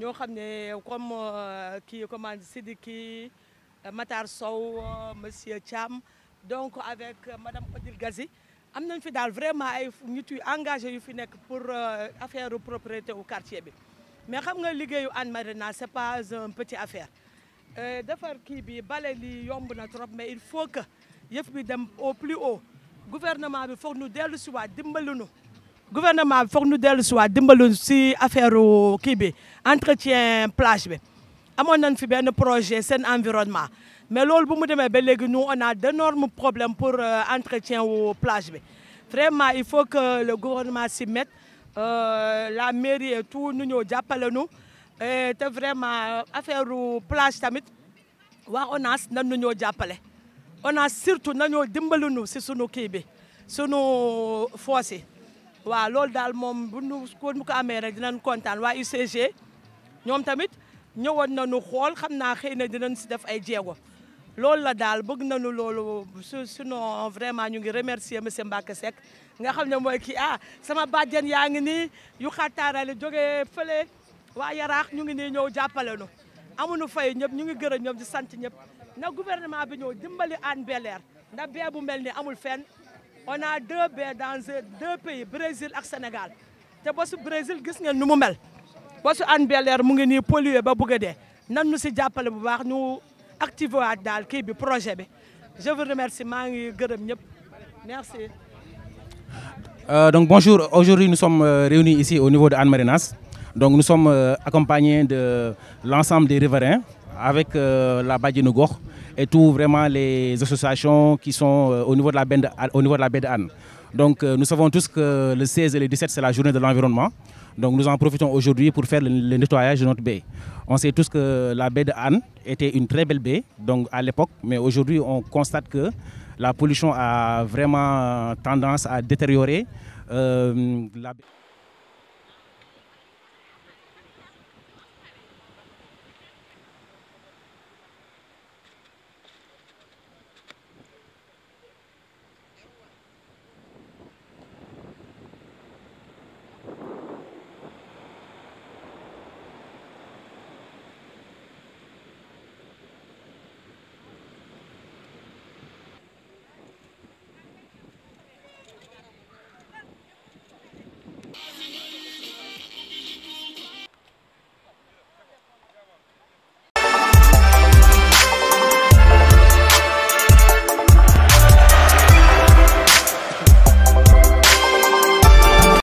ñoo xam ne comme kii euh, commande Sidiki euh, Matar Sow euh, monsieur Cham, donc avec madame Odile Gazi am nañ fi daal vraiment ay nit engagé yu fi nekk pour affaire propriété au quartier bi mais xam nga liggéeyu Anne Marina c'est pas un petit affaire defar kii bi bale li yomb na trop mais il faut que yëf bi dem au plus haut gouvernement bi foog ñu dellu si waat dimbaluñu gouvernement faut foog ñu dellu si waat dimbalu si affaire kii bi entretien plage bi amoon nañ fi ben projet sen environnement mais lolou bu mu demee ba légui nous on a d'énormes problèmes pour euh, entretien au plage bi vraiment il faut que le gouvernement s'y mette euh, la mairie et tout nu ñëw jappalé nous. te vraiment euh, affaire plage tamit waa ONAS nan nu jappalé On a surtout nous dimbalu nous si sunu kii bi sunu foos waaw loolu daal moom bu nu ko bu ko amee rek dinañ kontaan waa UCG ñoom tamit ñëwoon nañu xool xam naa xëy na dinañ si def ay jéego loolu la daal bëgg nu loolu su sinon vraiment ñu ngi remercier monsieur Mbacke Seck nga xam ne mooy kii ah sama bàjjen yaa ngi nii yu xattaarale jógee fële waa yaraax ñu ngi nii ñëw jàppale nu amuñu fay ñëpp ñu ngi gërëm ñoom di sant ñëpp na gouvernement bi ñëw dimbali Hann Bel-Air ndax bu mel ni amul fenn on a deux baies dans deux pays Brésil et Sénégal te le Brésil gis voyez, nu mu mel bosu Hann Bel-Air mu ngi nii pollué ba Nous a très nan Nous, si jàppale bu baax ñu projet je vous remercie maa ngi merci. Euh, donc bonjour, aujourd'hui nous sommes euh, réunis ici au niveau de Anne Marinas. Donc nous sommes euh, accompagnés de l'ensemble des riverains avec euh, la Nogor et tout vraiment les associations qui sont euh, au niveau de la Baie au niveau de la baie d'Anne. Donc euh, nous savons tous que le 16 et le 17 c'est la journée de l'environnement. Donc nous en profitons aujourd'hui pour faire le, nettoyage de notre baie. On sait tous que la baie d'Anne était une très belle baie donc à l'époque, mais aujourd'hui on constate que la pollution a vraiment tendance à détériorer la baie.